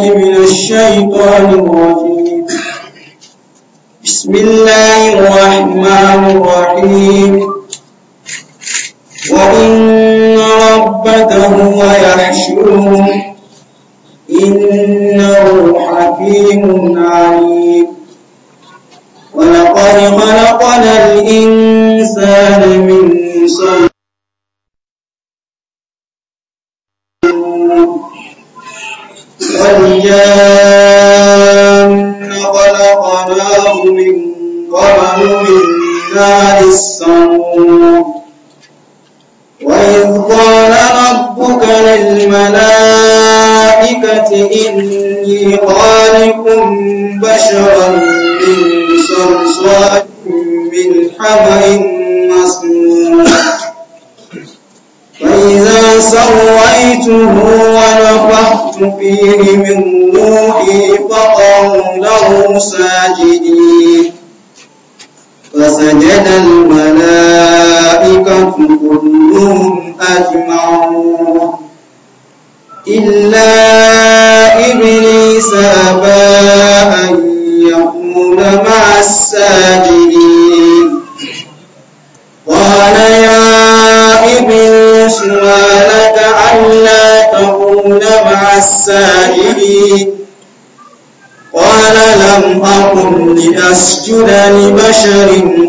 من الشيطان الرجيم بسم الله الرحمن الرحيم وإن ربك هو يحشرهم إنه حكيم عليم ولقد خلقنا الإنسان من صلب فكلوه ونفخت فيه من روحي فقعوا له ساجدين فسجد الملائكة كلهم أجمعون إلا إبليس أبى أن يكون مع الساجدين تكون مع السائلين قال لم أقل لأسجد لبشر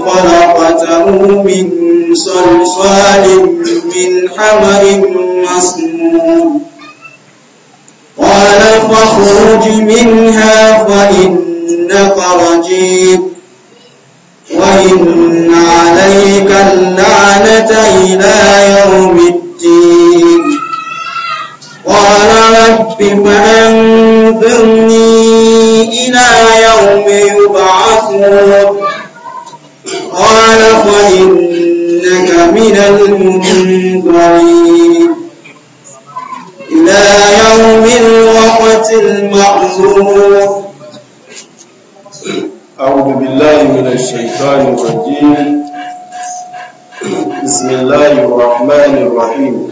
خلقته من صلصال من حمر مسنون قال فاخرج منها فإنك رجيم وإن عليك اللعنة إلى يوم الدين رب فأنذرني إلى يوم يبعثون قال فإنك من المنذرين إلى يوم الوقت المعلوم أعوذ بالله من الشيطان الرجيم بسم الله الرحمن الرحيم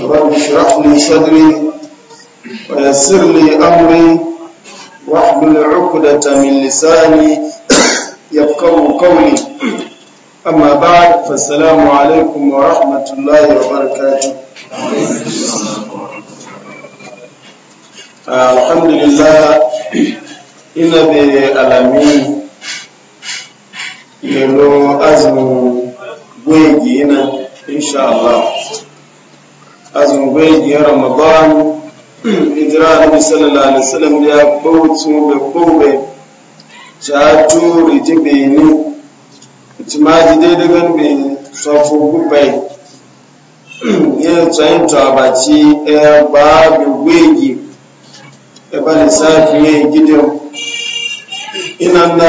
رب اشرح لي صدري ويسر لي أمري واحلل عقدة من لساني يفقه قولي أما بعد فالسلام عليكم ورحمة الله وبركاته آه، الحمد لله إن ألمين يلو أزم ويجينا إن شاء الله azumin bai ya ramadan hijira annabi sallallahu alaihi wasallam ya bautu da kobe ta turi ji beni timaji dai daga gan beni sofo gubai ya tsayin tabaci ya ba bi wegi ya ba safi ya gidan ina na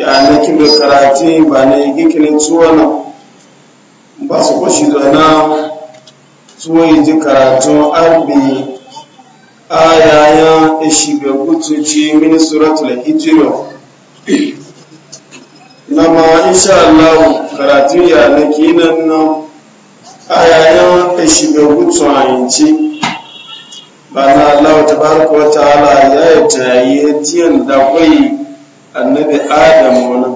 ya ne da karatu ba ne gikirin tsuwanan ba su na su tsohon ji karatun arbi ayayen ishiga kutuci mini suratul hijiro nama insha Allah karatun ya na kinan nan ayayen ishiga kutu a yanci ba na Allah ta baraka ta ala ya yi tayi tiyan da kwai annabi Adam wani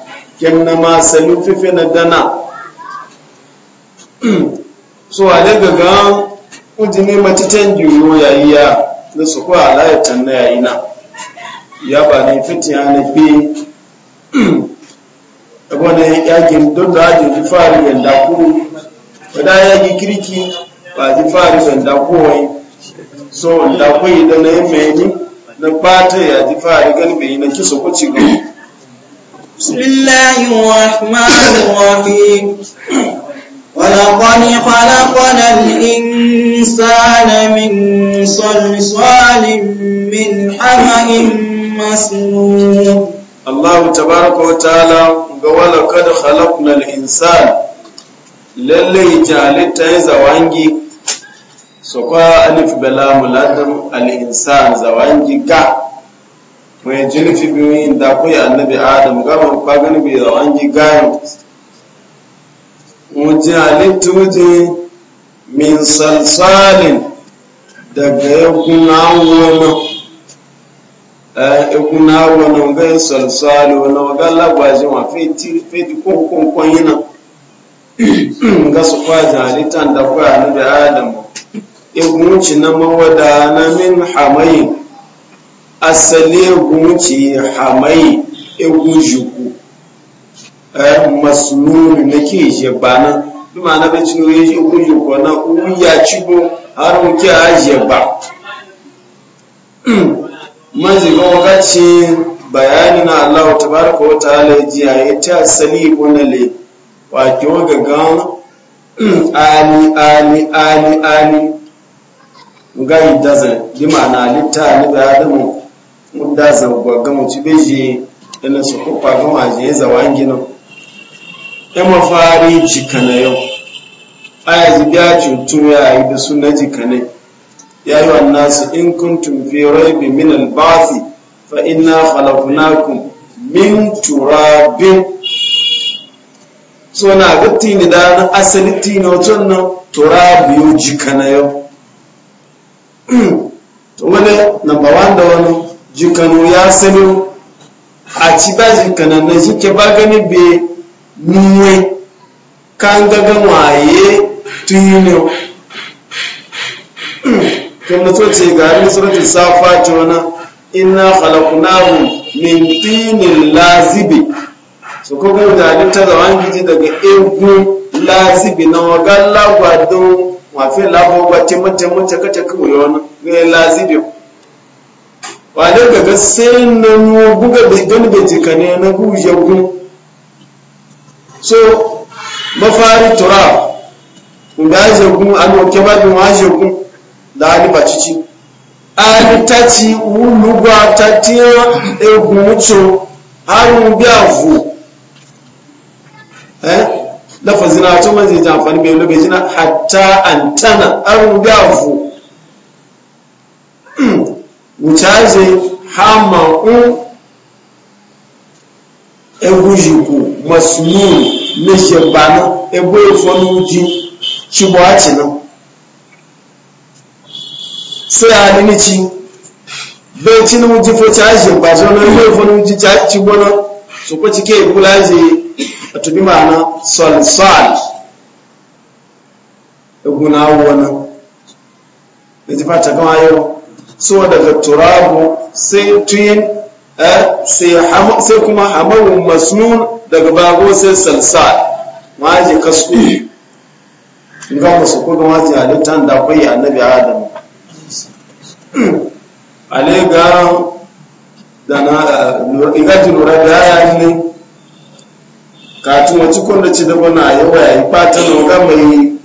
kenna ma salu fife na dana so a daga ale gaga ujini ya yi ya na su ko ala tan na ya ba ni fiti ana bi abu ne yakin don da aji ji fari ban daku wadda ya yaki kirki ba ji fari ban daku wai so da na yi ne mai ni na bata ya ji fari galibi na kisa ku ci بسم الله الرحمن الرحيم ولقد خلقنا الإنسان من صلصال من حمأ مسنون الله تبارك وتعالى ولقد خلقنا الإنسان lallai jalittai zawangi su kwa alif bala muladar al'insan zawangi ga mai jirfi biyoyin da kuwa annabi adam gama fagen biyo an ji gayan wajen halittu wajen min salsalin daga yakuna wani eh, ikuna wani ga salsali wani ga lagwaji fiti ko kokon yana ga su kwaji halittar da kuwa annabi adam ikun wuce na mawada na min hamayin asali egun hamai egun juku eh, masulun na ke je bana duma na bai cinu yi egun juku na ya ci bo har muke a je ba manziga wakaci bayani na allah tabaraka wa ta'ala jiya ya ta asali gunale wato gaggawa ali ali ali ali gai yi dazan bi ma'ana litta ni ga adamu da zagwa ga bai beji ina su kufa gama waje ya zawa gina ya mafari jikana yau aya ji cutu ya yi da suna ne. ya yi wannan su in kuntum rai bi min albasi fa na khalaqnakum min turabin so na ga tini da na asali tini wato nan turabiyo jikana yau jikanu ya sanu a ci ba jikana na ke ba gani be nuwe kan gaga waye tuyino hmm, kuma so ce ga ni suratun safa ce wana inna khalaqnahum min tinin lazibi so ko ga da ta zawan gidi daga egu lazibi na wagan lagwadon wafin lagwagwa ce mace mace kace kawai wani ga lazibi wale ga sai na nuwa buga bai gani bai jika ne na guje gun so mafari tura da aje gun an oke ba bin aje gun da ali bacici ali tati ta tati egun har mu bi avu eh lafazina to man zai amfani bai lobe jina hatta antana mu bi avu wucaze hama u egujiku masumuru mejebana ebo efonuji chibuatina sai alinici bai cin wuji fo caje gbazo na ebo efonuji chibona so ko cike ibulaje atubi mana na eguna na ejibata kan ayo Suwa daga turabu sai Tuyin, eh, sai kuma hamawun masnun daga bago sai salsa waje kasko ga musu kudu ga waje halittan da a annabi adam ale ga da na eh, igaji lura da ya ne kati wọn tí kò ci ti dẹ́gbọ́n yi wa àyípa tẹ́lẹ̀ ọ̀gá mẹ́yìn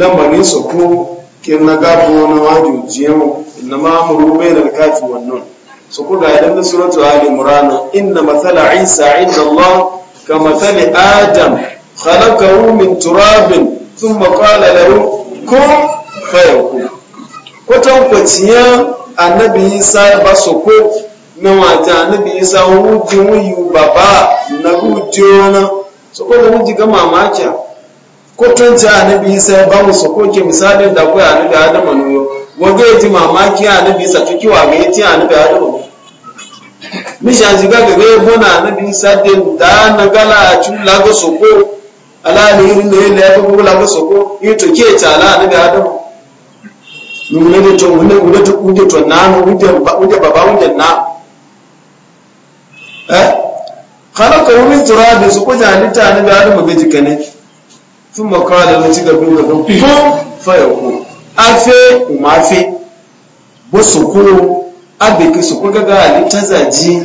lẹ́mọ̀ ní sọ̀kú ku? Kin na bọ́ wani náà wájú na mamuru bai da kafi wannan su ku ga idan da suratu ali murana inna matsala isa inda allah ka matsali adam khalaqahu min turabin thumma qala lahu kun fayakun kwatan kwaciya annabi isa ba su ko na wata annabi isa wuji wuyi baba na wuji wani su ko da wuji ga mamakiya kwatan ci annabi isa ba mu su ko ke misalin da kuwa annabi adam wọ́gbé ti mamaki anabi sàtú kí wà mí tí anabi adó mishanziga gẹgẹ bọ́nà da sàdé dánagala àti lagosoko aláàlẹ́yìn ní ilẹ̀ gbogbo lagosoko ètò kí ètò àlá anabi adó nínú tó wúlé tó kúndé tó nánú wúndé bàbá wúndé náà ẹ kálọ̀kọ̀ wúmi tura bí sọkọjà níta anabi adó mọ̀gẹ́jì kẹ́ni fún mọ̀kọ́ àdàlẹ́ tí gàgbé gàgbé fún fẹ́yọ̀ kúrò. afe umafe bo sukuru abeki suku gaga halitta zaji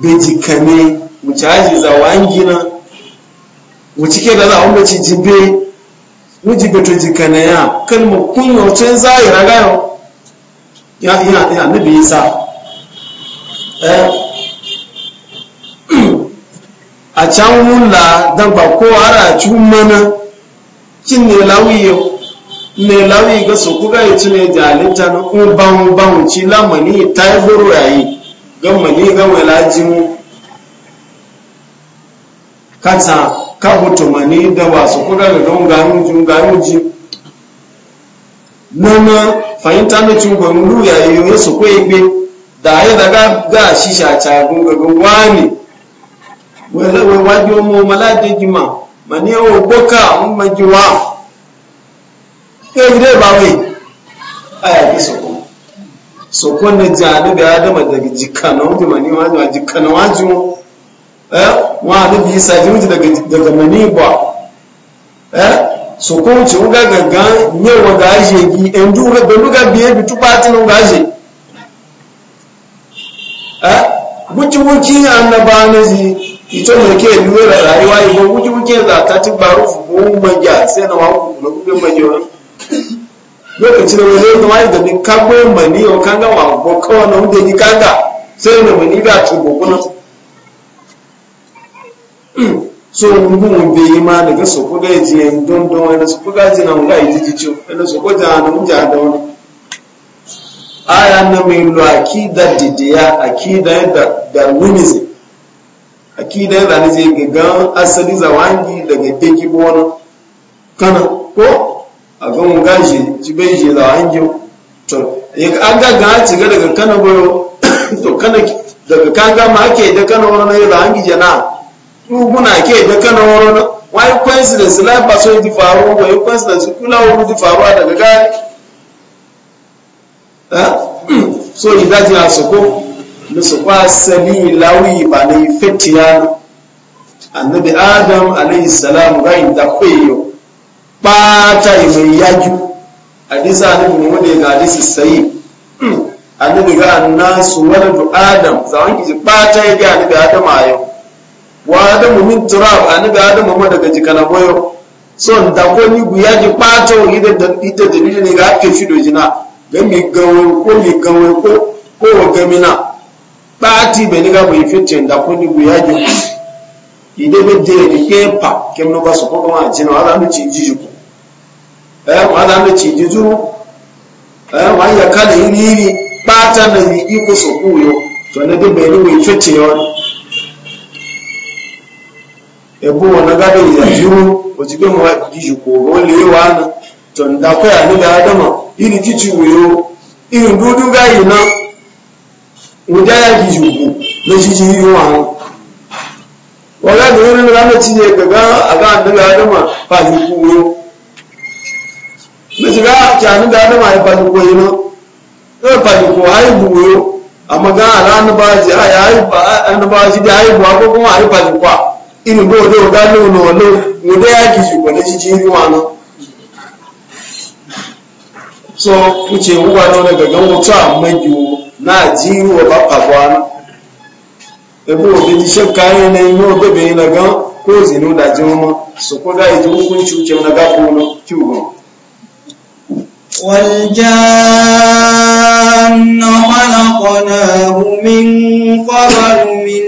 bejikame wuce haji za wangina wuce ke da za a wunga ci jibe wuji beto jikana ya kalma kunyo tun zahira gayo ya ya ya nabi isa eh a can wula dan ba ko ara cumana kin ne lawiyo le lawi ga su kuga ya ci ne jalinta na uban banci lamani ta yi buru yayi mali ga walajin kansa ka mani da wasu kuga ga don ganuji ganuji nana fahimta na cungon lu yayi yoyo su kwa igbe da ya daga ga shisha ca gunga wani wani wajen mu malaje ma mani yawon boka mun majiwa kai ba wai aya ki soko soko ne jani da dama daga jikana wajen mani wajen a jikana wajen eh wa da bi sa ji daga daga mani ba sokon soko wuce wuga gaga ne wa ga aje gi yan duka da duka biye bi tu patin ga aje eh wuce wuce annaba na zi ito ne ke lura rayuwa ba wuce wuce zakati barufu ko manja sai na wa ku na ku manja lokacin da wani zama yi ni kagbo mani yau kanga wa boko wani na hunde ni kanga sai da mani ga boko na. so ngun be ima daga soko ko ya en don don wani so ko ji na ngai jijicho ina wani soko ja na unja da wani aya na mai lo akida didiya akida da darwinism akida da ne zai gaga asali zawangi daga tekibo wani kana ko a mu mun gashi ci bai je da an yau to an ga ga ci ga daga kana boyo to kana daga ga ma ake da kana wani na da hangi jana na ruguna ke da kana wani na wai da la ba so di faru wai coincidence kula wani di faru daga ga so idaji na soko na su kwa sani lawi ba na yi fetiya annabi adam alayhi salam ga inda kwayo ɓata mai yaki hadisa annabi mu ne ga hadisi sayi annabi ga annasu waladu adam zaman kiji ɓata ya ga annabi adam a yau wa adamu min turab annabi adam mu daga jikana boyo so da ko ni guya ji ɓata wa ida da ita da ni ga ake shi dojina ga mi gawo ko mi gawo ko ko wa gamina ɓati bai ni ga mu yi fitin da ko ni guya ji ide be de ni ke pa kemno ba so ko ma jina wala mu ci jiji ko wọ́n á mẹ́tì ìdíjú wọ́n á yẹ kálẹ̀ yìí ní ìrì pátá náà yìí ikú sòkú yọ tọ́lẹ́ tó bẹ̀rẹ̀ wọ ìfẹ́ tì yọ. ẹ̀bùn wọn ọ lee ìyàjú òtí pé wọn yíyù kò wọ́n lé wa nù tọ̀ǹda pẹ́ àníbẹ̀ ádámọ̀ ìrì títí wò yó ìrì dúdú báyìí wọ́n mishiga kyanu da adama ya fadi koyi no ya fadi ko haibu yo amma ga ala annabaji a ya haibu annabaji da haibu ko kuma ai fadi kwa inu bo do ga no no no mu ya kiji ko da jiji ruwa no so kuce uwa no daga ga na jiwo ba pagwana ebe obidi shekka ne na gan ko zinu da jima su kuga iji hukunci uke na gafo no kiwo والجان خلقناه من قبل من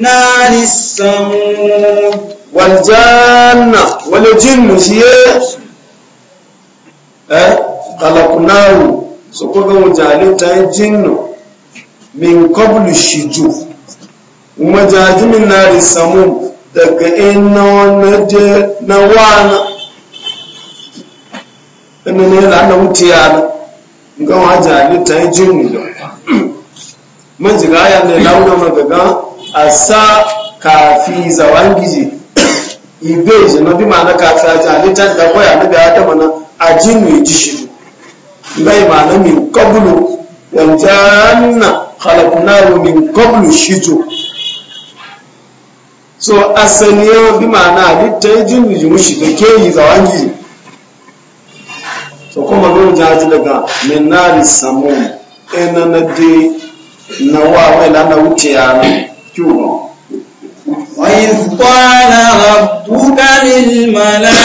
نار السموم والجان والجن شيء eh خلقناه سوكوغا مجالين تاي جن من قبل الشجوف ومجاز من نار السموم daga ina wani na ɗan ne yana ana mutiya na gawa wajen ta yi jin da majiga ya ne launa magaga a sa kafi zawan gizi ibe ji na bi ma'ana kafi a ta da kwaya na bi adama na a jin mai ji shi bai ma'ana min kabulu wajanna khalaqnahu min shi to so asali bi ma'ana halitta jin mai ji da ke yi zawan gizi kuma nun jaji daga minari samu ina na de na wa wai na na wuce yana kyuwa وإذ قال ربك للملائكة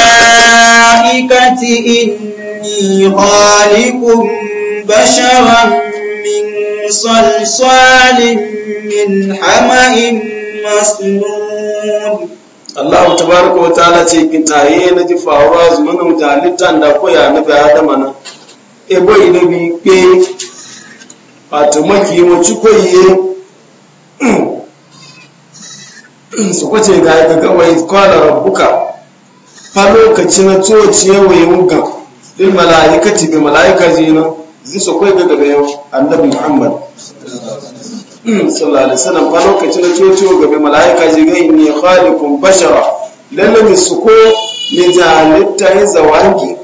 إني خالق بشرا من صلصال من حمأ مسنون Allah Ta tabaraka Wata Ala ce ki yi na ji faruwa zumunin da halittan da koya na ga adama mana e boyi na bi pe wato maki mu ci koyi su kwace ga ga gawai kwala rabbuka fa lokaci na ya yawaye muka din malaikati bi malaika jina zai koyi kwaye ga gaba yau annabi Muhammad sallallahu alaihi wasallam fa lokacin da cocio gabe malaika ji ga inni khaliqun bashara lalle mi suko ni jalitta yin zawangi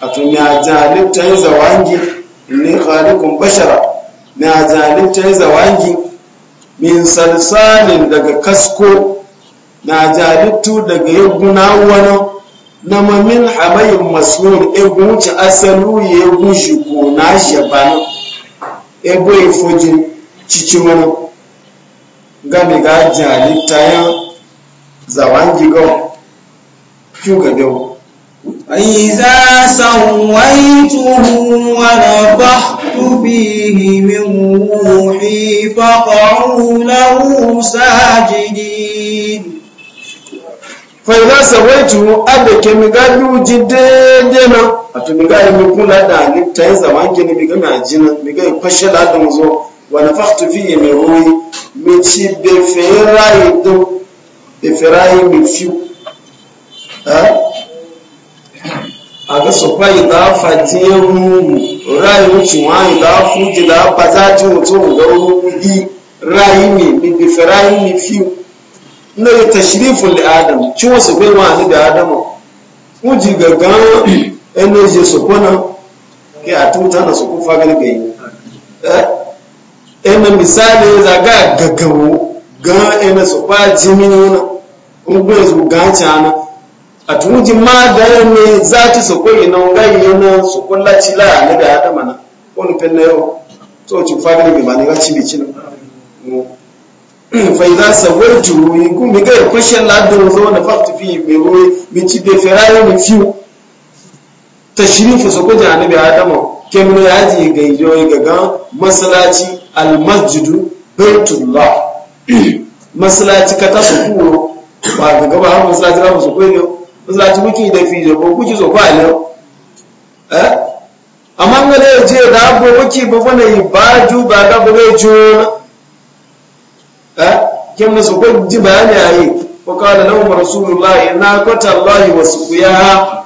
a tun ya jalitta yin zawangi inni khaliqun bashara na jalitta yin zawangi min salsalin daga kasko na jalittu daga yaguna wani na mamin hamayin masuwar egun wuce asalu ya egun shi ko na shabana ebo ifojin cici wani gami ga ajin halitta yan zawan gigon kyau ga dau وإذا سويته ونفخت فيه من روحي فقعوا له ساجدين faiza sawaitu abe ke mi ga luji daidai na a to mi ga yi mi da halitta ya zaman mi gami mi ajina mi ga yi kwashe ladin zo ونفخت فيه من روحي متي بفراي دو بفراي مفيو ها aga sopa ida fati ehu rai wuce wa ida fuji da bazaji mutum ga wuri rai ne mi bifirai mi fiu na yi tashirifu li adam ci wasu bai wa ni da adamu wuji gaggan energy sopona ke a tuta na sokofa galgayi eh ena misali za ga gaggawo ga ena su ba jimini wani ungun su ga cana a tunji ma da ne za ta su ko ina ga yana su kulla ci la ne da adama na wani fenne yo to ci fadi ne ba ne ga cibi ci na fa idza yi yukum bi ga khashin la da zo na faqtu fi bi ruwi bi ci be ferari mi fi tashrifu su ko janibi adama kemno yaji ga yo ga ga masalaci almasjidu baitullah masalaci ka ta su kuwa ba ga gaba har masalaci za mu su kuwa ne masalaci muke da fi ko kuke so kwa yau eh amma ga da je da abu muke ba fa ne ba ju ba ga ba ga ju eh kin musu ko ji bayani ayi ko kana lahu rasulullahi na kota allahi wasuqiyaha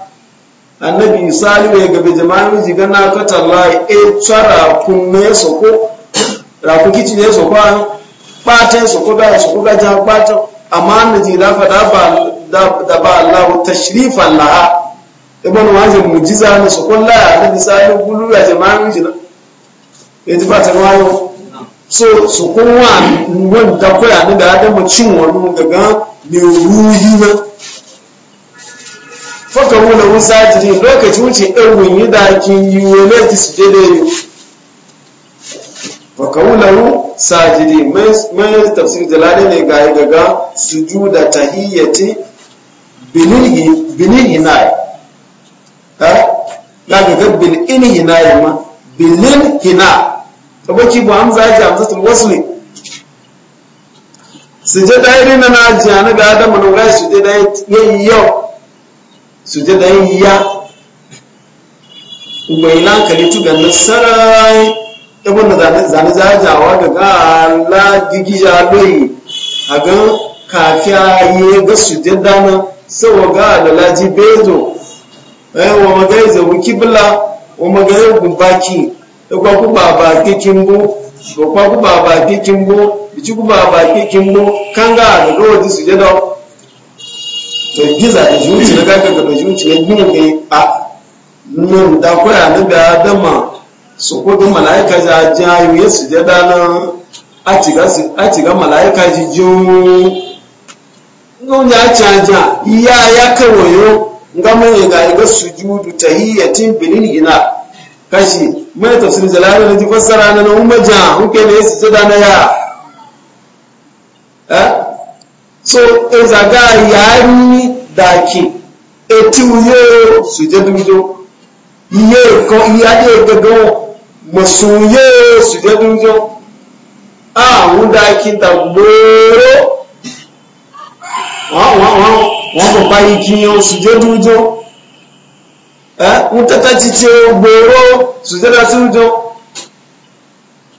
annabi salihu ya jama'a jama'an ga na kota allahi e eh, tsara kun ne so ko rakukiti ne su kwa batan su kuda su kuda jan batan amma annaji da fada ba da ba Allah tashrifan laha ibn wajin mujiza ne su kun da misali gulu ya jama'an jina e ya ba ta wayo so su kun ngon da koya ne da adamu cin wani daga ne ruhi na faka wula wusajiri lokaci wuce ɗan wunyi da kin yi wani su je da wa kaulahu sajidi mai tafsir jalali ne ga yi gaga sujuda tahiyyati binin hinaye ha ga gaga binin hinaye ma binin hina tabaki bu hamza ya ji hamza tun wasu ne sujada iri na na ji ana ga adam na wura sujada ya yi yau sujada ya yi ya ubaina kalitu ga nasarai zane da zane jajawa da gala gigiya loyi a ga kafiya yi ga su dana sau ga da laji bezo eh, wa magai wuki kibla wa magai gubaki da e kwa ku baba ke kimbo da kwa ku baba ke kimbo da ciku ku baba ke kimbo kan ga da lodi su jada to giza da juci na gaka da juci ya gina kai a nan da kwaya na ga dama so ko ga malaika ja jayu ya sujada na atiga atiga malaika ji jun ya chanja iya ya kawoyo ngama ya ga yi ya tahiyatin bilin ina kashi mai tafsir jalal ne ji fassara na ummaja ya ne sujada na ya eh so ya yari daki su je sujudu iye ko iya de gago masuye su da gunjo a wuda kita gboro wọn kò bá igi yan su da gunjo ń tata títí gboro su da gunjo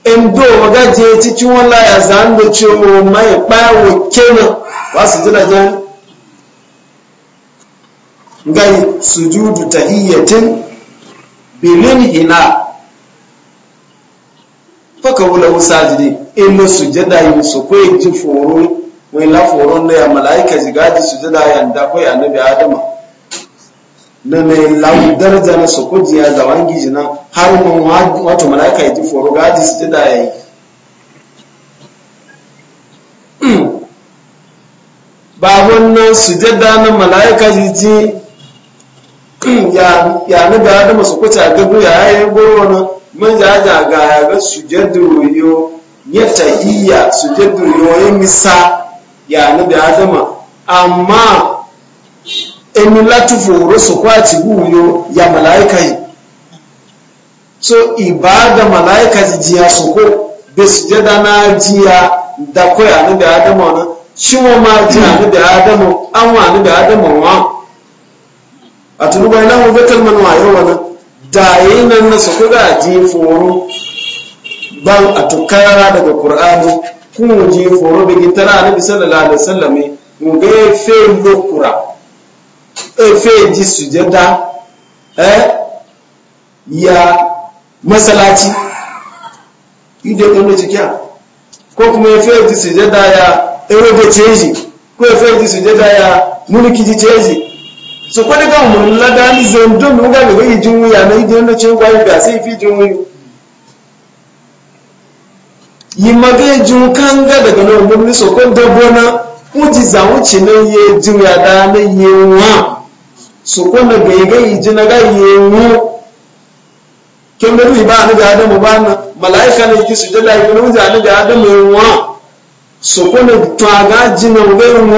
ndo magaje títí wọn láyà zàndó tí o mọ ìpáwò kéna wá su da gunjo ngai sujudu tahiyyatin bilin hina faka wula musa jide in e na sujada yi musu ko ji foro mai la foro na ya malaika jiga ji sujada ya da ko ya nabi adama na mai lawu daraja na su kuji ya zawan giji na har mun wato malaika ya ji foro ga ji sujada ya yi hmm. babun nan sujada na malaika jiji ya nabi adama su kuci a gabu ya yi goro na man jaja ga ya sujadu yo ya tahiyya sujadu yo ya misa ya na da adama amma emi latufu rusu kwati buyo ya malaika yi so ibada malaika jiya soko be sujada na jiya da kwaya na da adama na shiwa ma jiya na da adama an wa da adama wa a turuba ina mu betal man yau wannan daye nan na su kuga ban a tukara daga qur'ani kun je foro bi gitara annabi sallallahu da wasallam mu ga fe lokura ya fe ji sujada eh ya masalaci ide kan cikiya ko kuma ya fe ji sujada ya ewo da ceji ko ya fe ji sujada ya mulki ji ceji so ko daga mun lada ni zan don mun ga ga yijin wuya na yijin na ce gwai ga sai fi jin wuyu yi ma maga jin kanga daga nan mun ni so ko dabo na uji za wuce na ye jin ya da na ye wa so ko na ga ga yijin na ga ye mu kin da ba ni ga adamu ba na malaika ne ki su da yi ga ni ga adamu wa so ko na to ga jin na ga mu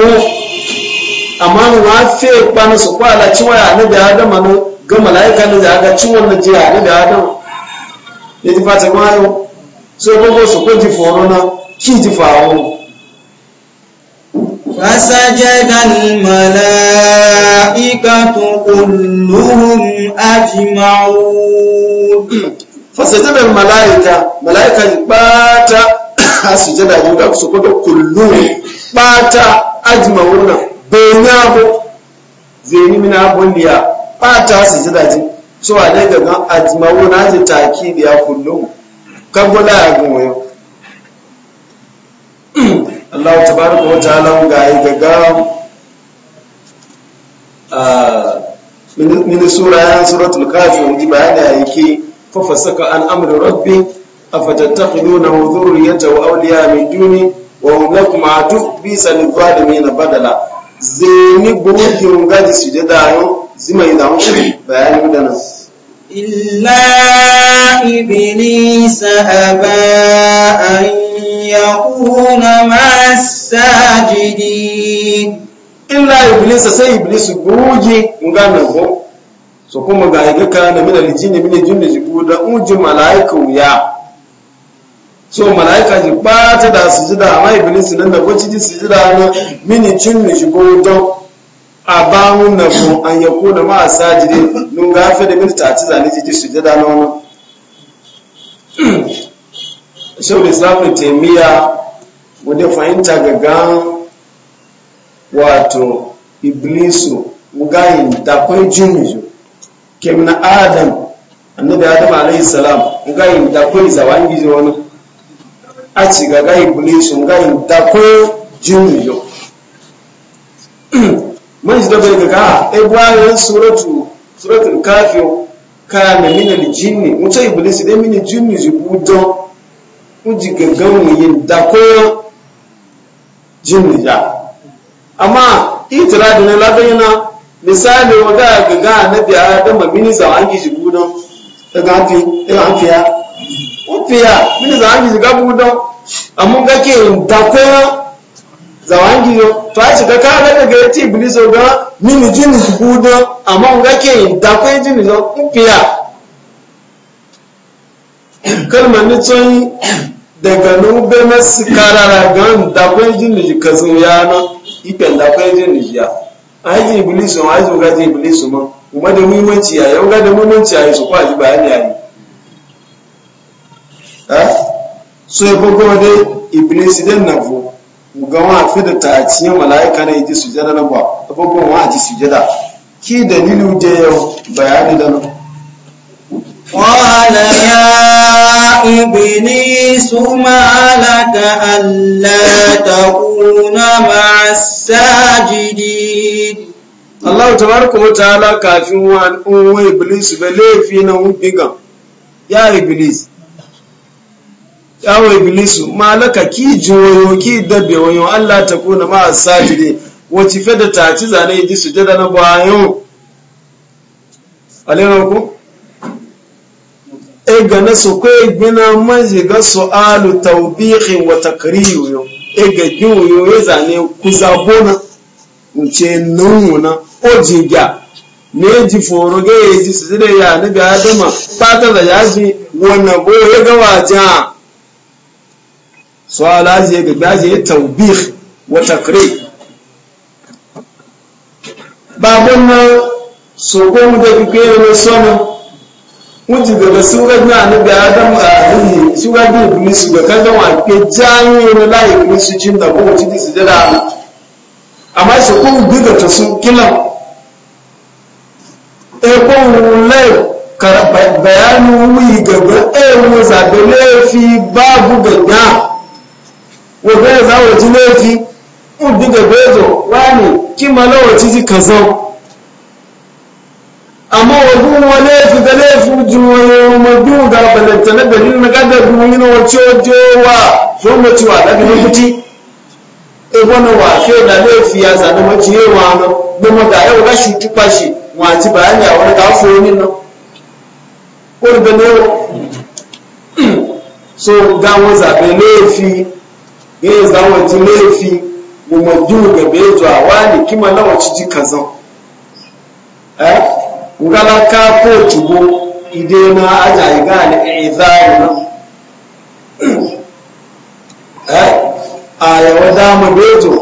amma wa fe kwana su kwala ciwa ya na da adama no ga malaika na da ga ci wannan je ya na da adam ne ti fata ma yo so gogo su ko ji foro na ki ji fawo فسجد الملائكة كلهم أجمعون فسجد الملائكة ملائكة باتا سجد يودا كلهم باتا أجمعون benyabo zeni mina bundiya fata su ji daji cewa dai gagan ajimawo na ji taki da ya kullum kagola ya gan wayo Allah ta baraka wa ta'ala ga yi gaga min sura ya suratul kafirun ji bayani yake fa fasaka an amri rabbi afatattakhidunahu dhurriyyatan wa awliya min duni wa hum lakum atu bi salil zalimin badala zini burujin gaji su da dayo zima yi zamu bayanin da nan illa iblis aba an yakuna masajidi illa iblis sai iblis buji ngana go so kuma ga ilika na mina lijini mina jinni jibuda uji malaiku ya so malaika ji bata da sujida amma iblis nan da bacci ji sujida na mini cin mi shi ko don a ba mun na ko an ya ko da ma sajide nun ga fa da mini tati zani ji ji sujida na wannan shau da samun taimiya wadda fahimta gaga wato iblisu mugayin dakwai jimijo kem na adam annabi adam alayhi salam mugayin dakwai zawangi wani a ci gaga iblisu ga da ko jini yo mun ji da bai gaga e bayan suratu suratul kafiyo mini min aljinni mun ce iblis ɗin mini jini ji budo mun ji gaga mun yin da ko jini ya amma da na labayina misali ga gaga na biya da mamini zawangi ji budon daga hafi daga hafiya upia mini zawangi zikabudo amunga ke ndakwa zawangi yo twachi kakala daga ti ibliso ga mini jini zikudo amunga ke ndakwa jini zo upia kalmar nitsoyi daga nube masu karara ga ndakwa jini ka zo yana ipe ndakwa jini ya aji ibliso aji ga ji ibliso ma kuma da muhimmanci a yau ga da muhimmanci a yi su kwa ji bayani a Eh? so ya bugu wani iblis idan na bu ga wa fi da ta mala'ika na ji sujada na ba a bugu wa ji sujada ki dalilu je yau bayani da nan قال يا إبليس ما لك ta kuna مع الساجدين Allah tabaraka wa ta'ala kafin wa Iblis ba laifi na wubigan ya Iblis yawo iblisu malaka ki joyo ki dabbe wayo Allah ta kuna ma sajide wace fe da ta ci zane yi sujada na bayo alewa ko e gana so ko e gbina maji ga su'alu tawbihi wa takriyu yo e ga joyo ya? E zane kuzabona nce nuna ojiga ji foro ga yi e sujada ya nabi adama fata da yaji wannan ya e ga wajen so alaje ga ya taubir wata kare. babon nan sogon ko mu da kike ne sona muji ga basura na ni ga adam a hihi shuga da ibni su ga kaga wa ke jani ne la ibni su jin da ko ci su da amma so ko mu diga ta su kila e ko mu lai bayanin wuyi gaba e mu zabe laifi babu gaba wọ̀gbẹ́rẹ̀ sáwọ̀ tí lé laifi, ń da gẹ̀gbẹ́ ẹ̀zọ̀ wá ní kí ma lọ́wọ́ títí kàn sán àmọ́ ọdún wọn lé fi tẹ́lẹ̀ fún ju ọmọ bí wọn gara pẹ̀lẹ̀ tẹ́lẹ̀ pẹ̀lú nínú kájẹ́ bí wọn nínú wọn tí ó jó wà fún mi ti wà lábẹ́ ní kútí ewu ọ̀nà wà fí ọ̀dà lé fi ni wọ́n ti yé wọn lọ so gáwọn zàbẹ̀ lé ya zama ji laifi mabdu ga bejuwa wani kima lawa ji kaza eh ngala ka ko tubo ide na aja iga ne izari na eh aya wada mu bejo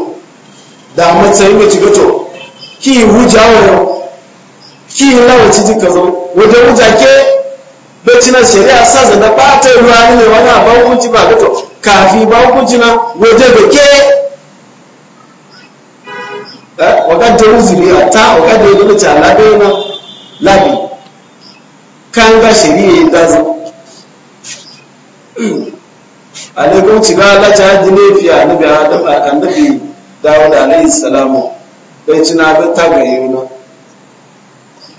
da mu sai mu ciga to ki huja wayo ki lawa ciji kazan waje huja ke bacci na shari'a sa da ba ta yi ruwa ne wani abin hukunci ba ga to kafi ba hukunci na waje da ke eh, wakadda uzuri a ta wakadda ya dole ta labe na labi kan ga shari'a ya dazu a ne kun ci lati hajji ne fiye a nabi adam a kan nabi dawo da alayhi salamu bai cina na ga tagaye na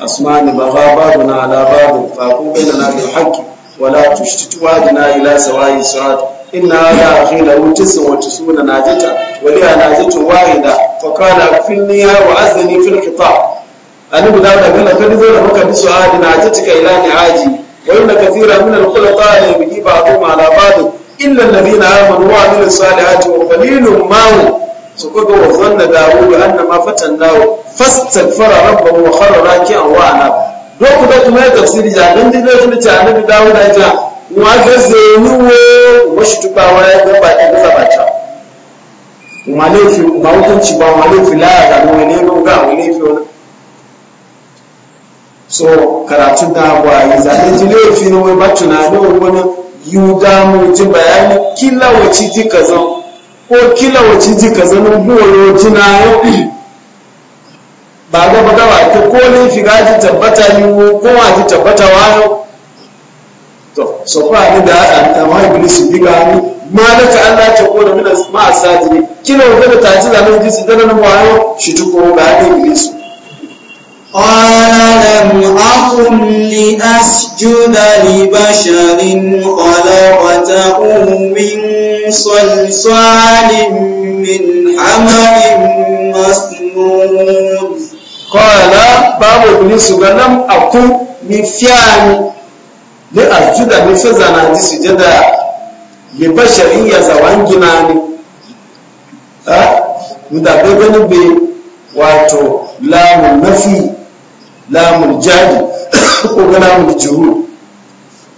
asmani ba ba babu na ala babu fa kun bai na na bil haqqi wala tushtitu wajina ila sawayi sirat inna hada akhi lahu tisun wa tisuna najata wa li wahida fa qala finni wa azni fil khitab an guda da kana kadi zo da maka bi su'adi najatika ila ni'aji wa inna kathira min ya khulqa ba ba'dhum ala ba'd illa alladhina amanu wa amilu salihati wa qalilun ma su kuga wa zanna dawudu anna ma fatannahu fastaghfara rabbahu wa kharra raki'an wa ana dokuda kuma tafsiri ja dan dinne ne ta annabi da ja Wa wagaze niwo washitukawa gabata umalefi mahukunci ba umalefi laya ga wani ne ga umalefi wani so karatu da wa yi zaɓe ji laifi na wa batu na ne wani yiwu damu ji bayani kila wace ji kaza ko kila wace ji kaza na buwayo ji na yau ba gaba gaba ko laifi ga ji tabbata yiwu ko wa ji tabbata wa yau to so fa ni da amma iblis diga ni ma da ta Allah ta ko da mina ma asajiri kina wanda ta ji na ji su dana mu ayo shi tuko ga ni iblis قال لم أقم لأسجد لبشر خلقته من صلصال من حمأ مسنون قال باب ابن سبلم أقم من فيعني ne a juda ne fa zana ji ya le in ya zawan gina ne a da bai gani bai wato lamun nafi lamun jadi ko ga lamun juru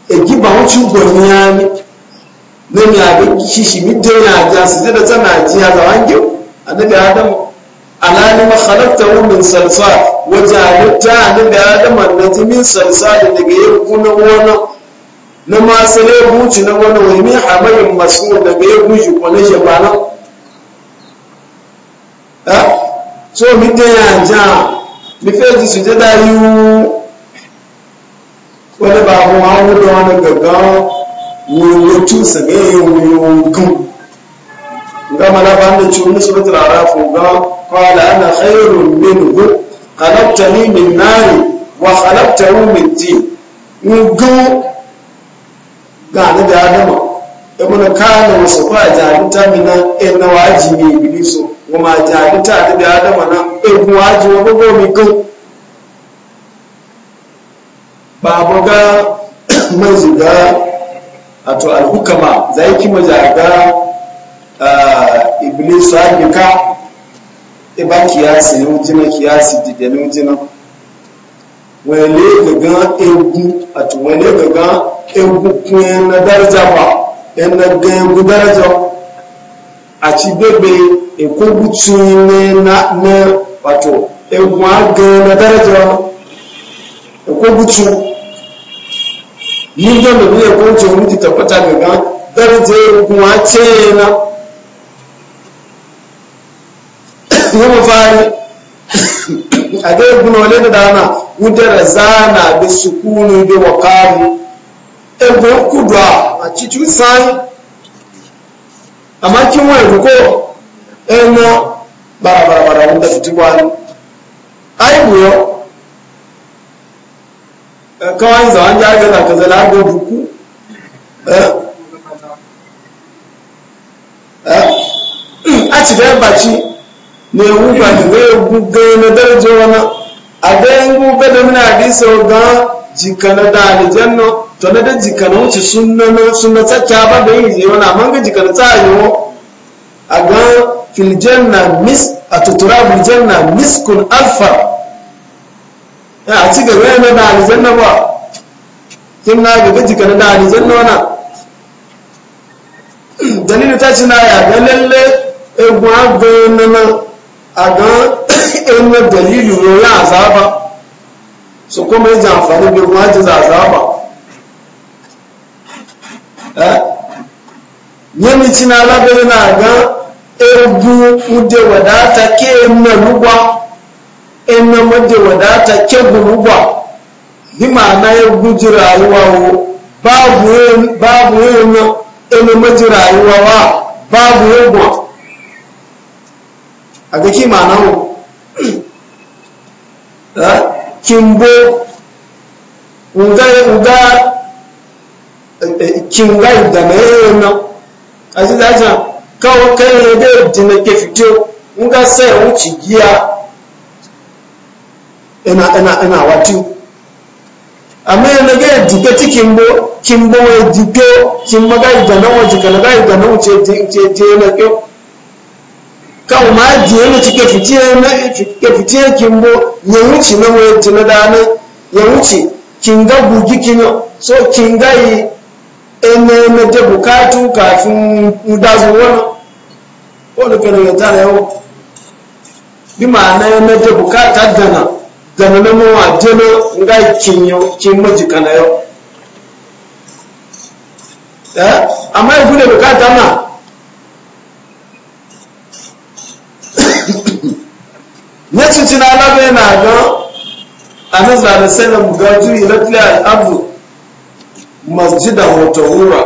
e giba wucin ya ne ne ya abin kishi mitin ya su jada zana ji ya zawan gina annabi adam alani ma khalaqtahu min salsal wata halitta ni da ya dama na timin salsali daga ya kuna wani na masu lebuci na wani wani hamayin masu daga ya gushi kwane shabana ha so mi tẹ yà jà mi fẹ́ ti sùjẹ́dá yíwú wọ́n bá wọn àwọn ọmọdé gàgán wọn ló tún sẹ̀gẹ́ yẹn kan nga malaba da ciwo na suratul araf ga qala ana khairun minhu خلقتني min نار wa من طين tin ngugu ga ni da adama ibn wasu ba jarita mina en na waji mi ibliso wa ma jarita da adama na egun waji wa babu ga mai ato alhukama zai kima jaga iblis ka. iba kiyasi ni wujina kiyasi dide ni wujina wele gaga egwu ati wele gaga egwu kun na daraja ba. na ga daraja ati bebe ekogu tun ne na ne wato egwu aga na daraja ekogu butu. ni ga mebe ekogu tun ni tabbata gaga daraja egwu a ce na yawon fari a dai guna wale da dana wudar zana da sukunu da wakari ebe kudwa a cikin sani amma kin wani ko eno barabarabara wanda fituwa ne ai buyo e, kawai zawon jagaza ka zala ga buku a ci da yambaci ne wuka ni we guga na daraja wana adan guga da muna hadisa ga jikana da aljanna to na da jikana wuce sunna na sunna ba da yin je amma manga jikana ta yo aga fil janna mis atuturabul mis miskun alfa ya a ci gaba yana da aljanna ba kin na ga jikana da aljanna wana dalilin ta ci na ya ga lalle egun agbon nana a ga in yi dalilu ne ya azaba su kuma yi jamfani bai kuma ji azaba yami cina labarin na ga ebu ude wadata ke emme lugwa emme mude wadata ke gulugwa bi ma'ana ebu ji rayuwa wo babu yin e, e emme muji rayuwa wa babu yi e gwa aga ki ma'anawo kimbo uga uga da eh, eh, mai na aji da ajan kawo kai ne da ke fito uga sai giya ina ina ina watu amma yana ga dike cikin bo kimbo wai dike ga nan ga nan wuce je na kyau kawo ma ji yana cike fitiye kimbo ya wuce na wayanci na dane ya wuce kin ga bugi kino so kin ga yi ene da bukatu kafin dazu wani wani kan ya tara yau bi ma'ana ya na da bukata gana gana na mawa jana ga kin yau kin maji kana yau eh? amma ya bude bukata na na cincin alabai na ga a nan zanen sanin gaju ilafiya al'abdu masjidan hotahura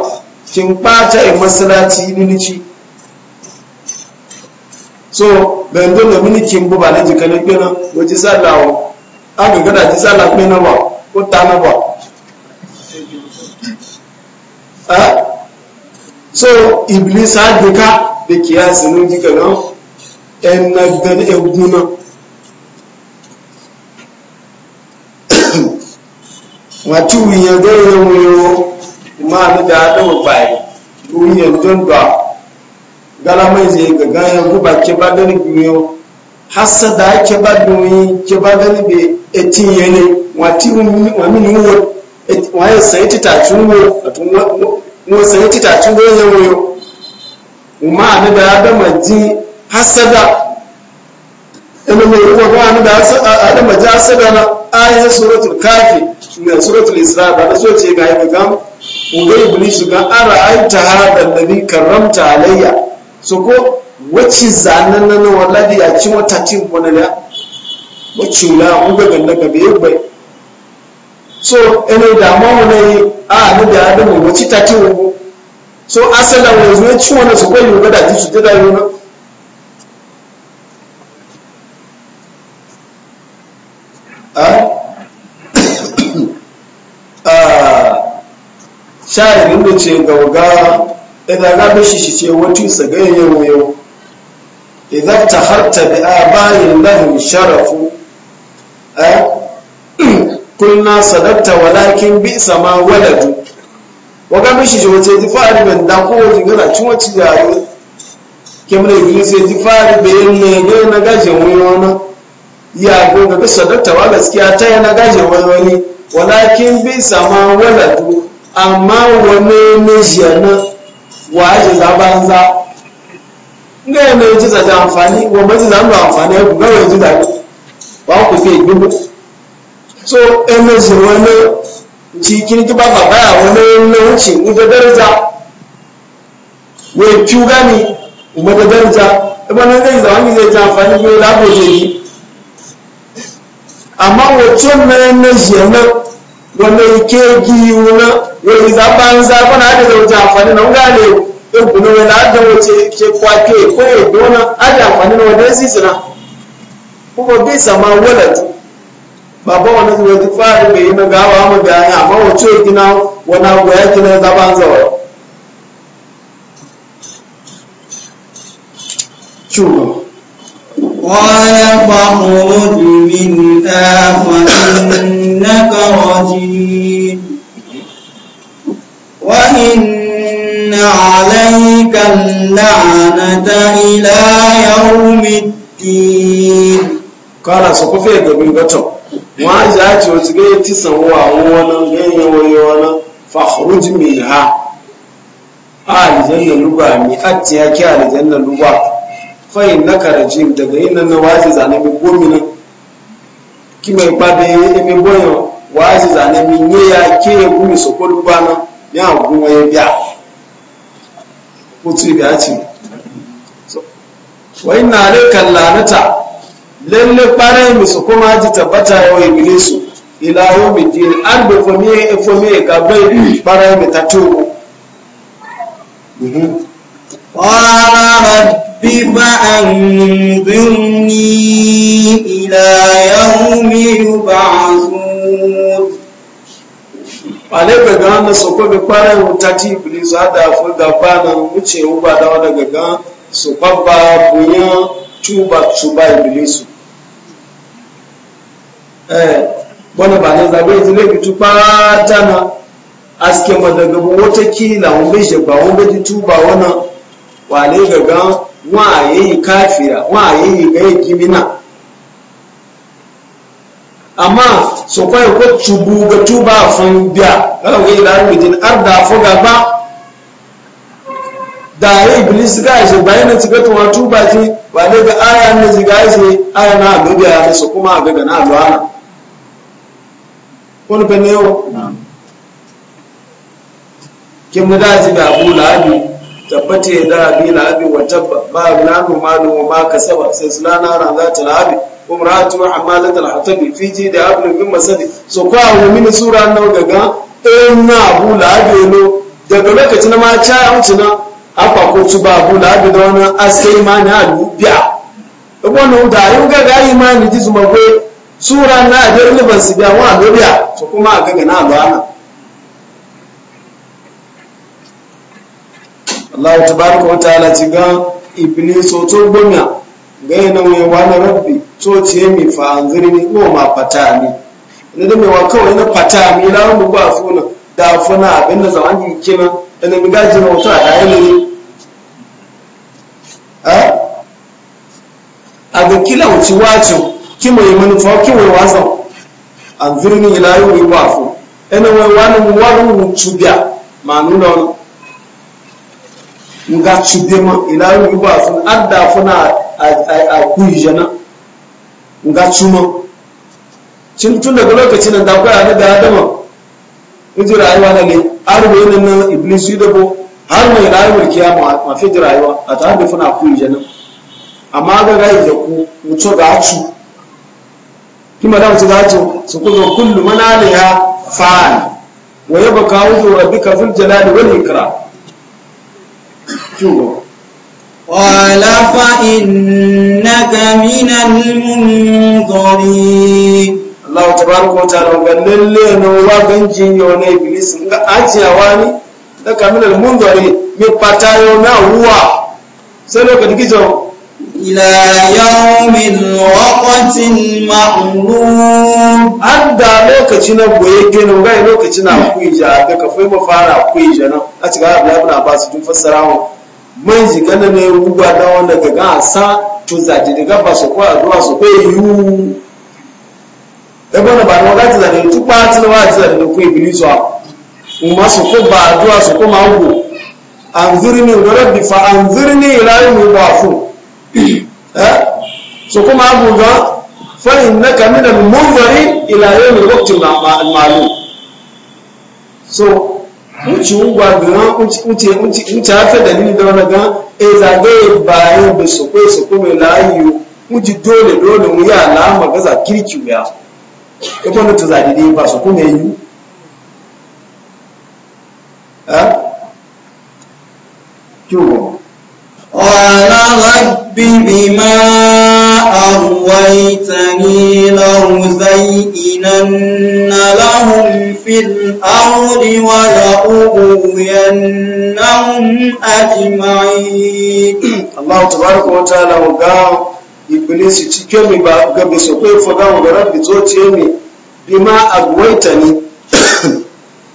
kin ɓata a masalaci nunici so bayan don da mini kin buba na jikanin kenan waje sallawa an ga gada ji sallah ɗin na ba ko ta na ba so iblis ha duka da kiyasi nun jikanin ɗan na gan eguna wàtí wùnyẹn dọ́yẹ wùnyẹn wo máa ní dáa dọ́wọ́ báyìí wùnyẹn dọ́ndọ́ galama je ga ganyen guba ke ba gani biyu hasada ke ba doyi ke ba gani be etin min wo wa ya sai ti ta tunwo mo sai ti ta tunwo ya wo ma ni da da maji hasada ina mai ko ba da hasada da maji hasada na ayatul suratul kafir na suratul isra ba da so ce ga yi ga ugai iblis ga ara aita hada alladhi karramta alayya so ko wacce zanan nan wallahi ya ci wata tin wani ya wacce la uga ganna ga bai bai so ene da mu ne a ni da adamu wacce ta tin so asala wanzu zuwa ci wani su kai uga da ji su da yana shayarin da ce gauga idan ga bishi shi ce wata sagayen yau yau idan ta harta bi a bayin lahun sharafu eh? kunna sadatta walakin bi sama waladu waga bishi shi wace ji fari ban da ko wace gana cin wace da yau kemre yi sai ji fari bayan ne ne na gaje wani wani ya goga ga sadatta wa gaskiya ta yana gaje wani wani walakin bi sama waladu amma wani mijiya nan wa ake banza nga yana Ne jiza ta amfani wa maji za mu amfani ya kuma yi jiza ne ba ku fi gbogbo so emeji wani cikin kiba baba ya wani nauci wuta daraja wai ciu gani umar da daraja ibi ne zai zama zai ta amfani ko labo ne amma wacce na yanayi yana wanda ike giwuna wani zaban zaban hada da wuce amfani na wuga ne ɗin na wani hada wace ke kwake ko ya gona hada amfani na wani zizina kuma bai sama walad babban wani zuwa duk fara mai yi na gawa mu da ya amma wace gina wani abu ya gina zaban zawa Chulo. قال فاخرج منها فإنك رجيم وإن عليك اللعنة إلى يوم الدين قال سقفي قبل قطر wọ́n jẹ́ àti òtígé tí sanwó àwọn wọn gẹ́yìn wọ́yẹ wọn fàkúrújì mìíràn àìjẹ́ fayin na karajim daga yin nan na wazi zane mai gomina ki mai babe yi mi goyon wazi zane mi ne ya ke ya gumi su kwallo bana ya goma ya biya kutu biya ce wa ina alaikan lanata lalle ɓarai musu koma ji tabbata yau ibilisu ila yau mi jini an da fomiye efomiye ga bai ɓarai mi ta tuwo mhm. رب أنظرني إلى يوم يبعثون alaika ga na sokwa ga kwara wuta ti iblis ada fu ga bana wuce uba da wada ga ga sokwa ba buya tuba tuba iblis eh bona ba ne zabe zile ki tuba tana aske madaga wata kila umbe ba umbe tuba wana wale ga wọn àyè yìí káfìrà wọn àyè yìí gẹ́gẹ́ gímínà amma so kwaye ko tubu ga tuba fun biya kada ko ila rubin arda foga ba da ya iblis ga shi bayan ci ga tuwa tuba ce ba ne ga aya na ji ga shi aya na ga a su kuma ga ga na alwana kun ba ne yau kin da ji da abu labi tabbata ya da abi labi wa tabba ba gulanu malu wa ma kasaba sai sulana ran za ta labi umratu hamalat al-hatabi fi ji da ablu bin masadi so ko a min sura nan gaga in eh, na abu labi no daga lokacin ma cha amci na akwa ko tu ba abu labi da wani aske ma a dubiya wannan da yau ga ga imani ji su magwe sura na da ilban su biya wa dubiya so kuma ga ga na ba Allah tabaraka wa ta'ala ti ga iblis o to gbona ga yana mai wani rabbi to ce mi fa anzuri ni ko ma fata ne? ina da mai wa kawai na fata ne, na mu ba funa da funa abin da zaman yi kina da ne ga jira wato a dai ne a a ga kila wuci wacin ki mai manufa ki mai wasan anzuri ni ila yau yi wa fu ina mai wani wani wuci biya ma nuna wani nga tsudema ila yi ba fun adda funa a kujana nga tsuma cin tun daga lokacin da akwai a daga adama inji rayuwa da ne arwa yana nan iblis yi dabo har mai rayuwar kiyama mafi da rayuwa a ta da funa kujana amma ga rayu da ku mutu ga tsu kima da su ga tsu su kuma kullu manaliya fa'al wa yabqa wajhu rabbika fil jalali wal ikram شو قال فإنك من المنظرين Allah tabaraka wa ta'ala ga lalle no wa ganjin yo ne iblis ga ajiyawa ne da kamilal munzari mi patayo na ruwa sai lokaci gizo ila yawmin waqtin ma'lum adda lokaci na goye gino ga lokaci na kuija da ka fai mafara kuija nan a cikin Abdullah ibn fassara man ji ne wuga da wanda ga ga sa to za ji daga ba su ko addu'a su ko yu e bona ba no lati za ne tu pa ti no wa ti za ne ko mu ma su ko ba addu'a su ko ma wugo anzurni ila rabbi fa anzurni ila yawmi wafu eh so kuma abu ga fa innaka min al-munzirin ila yawmi al-waqti al-ma'lum so wuce ungwa ga wuce hafe dalili da wani gan e zagaye bayan da su kwai su kuma layu wuce dole dole mu yi alama gaza kirki ya ka kwanu ta zaɗi ba su kuma yi قال رب بما أغويتني لأزينن لهم في الأرض ولأغوينهم أجمعين الله تبارك وتعالى وقال إبليس تكمي قبل سوقي فقام ورب توتيني بما أغويتني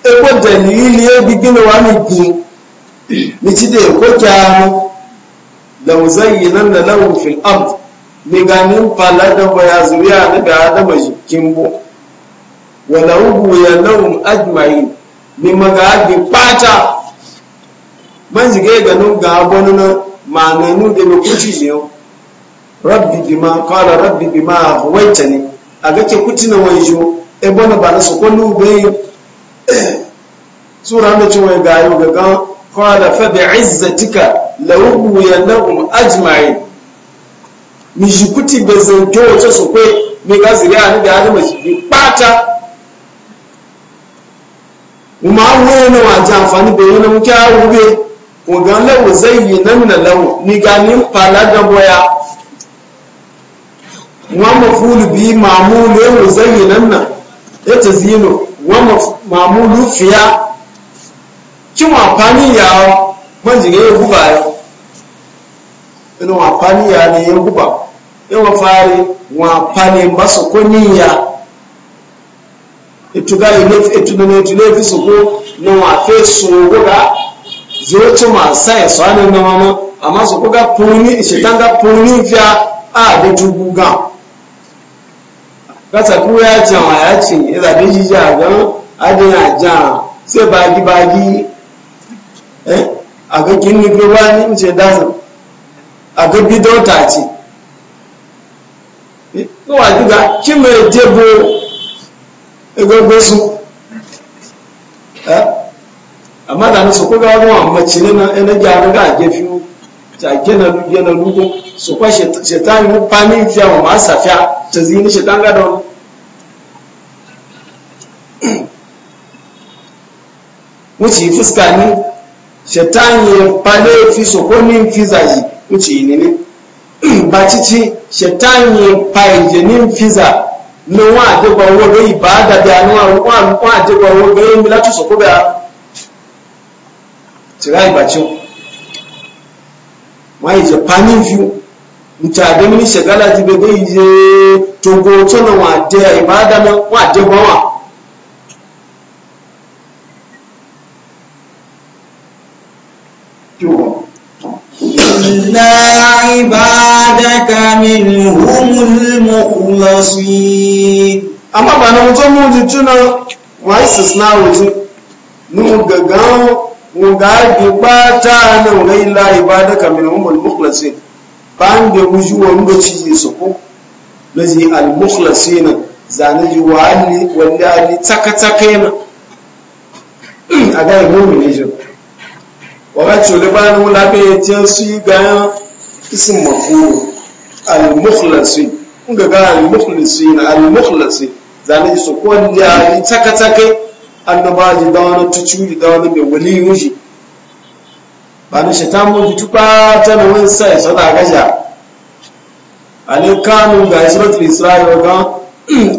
ekwe dalili ya bigina wani gi ni ci da ya koke hannu da muzayyinan da lahun fil ard ganin fala da zuriya na ga adama majikin bo walaubu ya lahum ajma'in ni maga agi pata man jige ga nun ga abonu na ma na nu de ne rabbi bima qala rabbi bima aghwaytani aga ke kuti na wanjo e bona ba na so ko nu be sura na cewa ga yo ga ga qala fa bi izzatika laubu ya lahum ajma'in mi jikuti bezan to so ko mi ga zira ni da adama shi kwata. kuma wani wajen amfani bai yana muke wube ko ga lawo zai yi nan na lawo ni ganin fala da boya wa mafulu bi mamulu yawo zai yi nan na ya ta zino wa mamulu fiya kin amfani yawo man jige ya guba ya ina amfani ya ne ya guba yawa fare wa amfani masu kuniya ìtúgá ilé ìtúgá ní ìtúlé fi sòkó ní wọn àfẹ sòwò gá zòó tó mà sá ẹ̀sọ́ ní ọmọ ọmọ àmọ́ sòkó gá pọ̀n ní ìṣẹ̀dán gá pọ̀n ní fíà àdé dúgbù gá. gásà kú yá bagi bagi eh, eh, bo. egwegwe su eh? amma da na su kuga ruwa mace ne na ina gyara ga gefi ta gina gina lugo su kwa shetani mu fami fiya wa ma safiya ta zini shetan ga don wuce fuska ni shetani ya fale fi so ko ni fi zaji wuce ne ne ba cici shetani ya fa je ni fi za na wọn àdégbà owó rẹ ìbáàdà bí àwọn àwọn àdégbà owó rẹ ń láti sọkó bẹ́ẹ̀ tìrá ìgbà tí wọn عبادك منهم المخلصين أما بنا متمو جتنا وايسسنا وجه نمغغان mugaji bata nan gai la ibadaka min humul mukhlasin ban da wuju wa muga ci su ko lazi al mukhlasin zanaji wa ali wanda ali taka taka yana a al-mukhlasin kun ga al-mukhlasin al-mukhlasin zane su kwanya yi taka taka annaba da wani tucu da wani mai wali mushi ba ni shaitan mun ji tuba ta na wani sai sada gaja alikanu ga suratul isra'il ga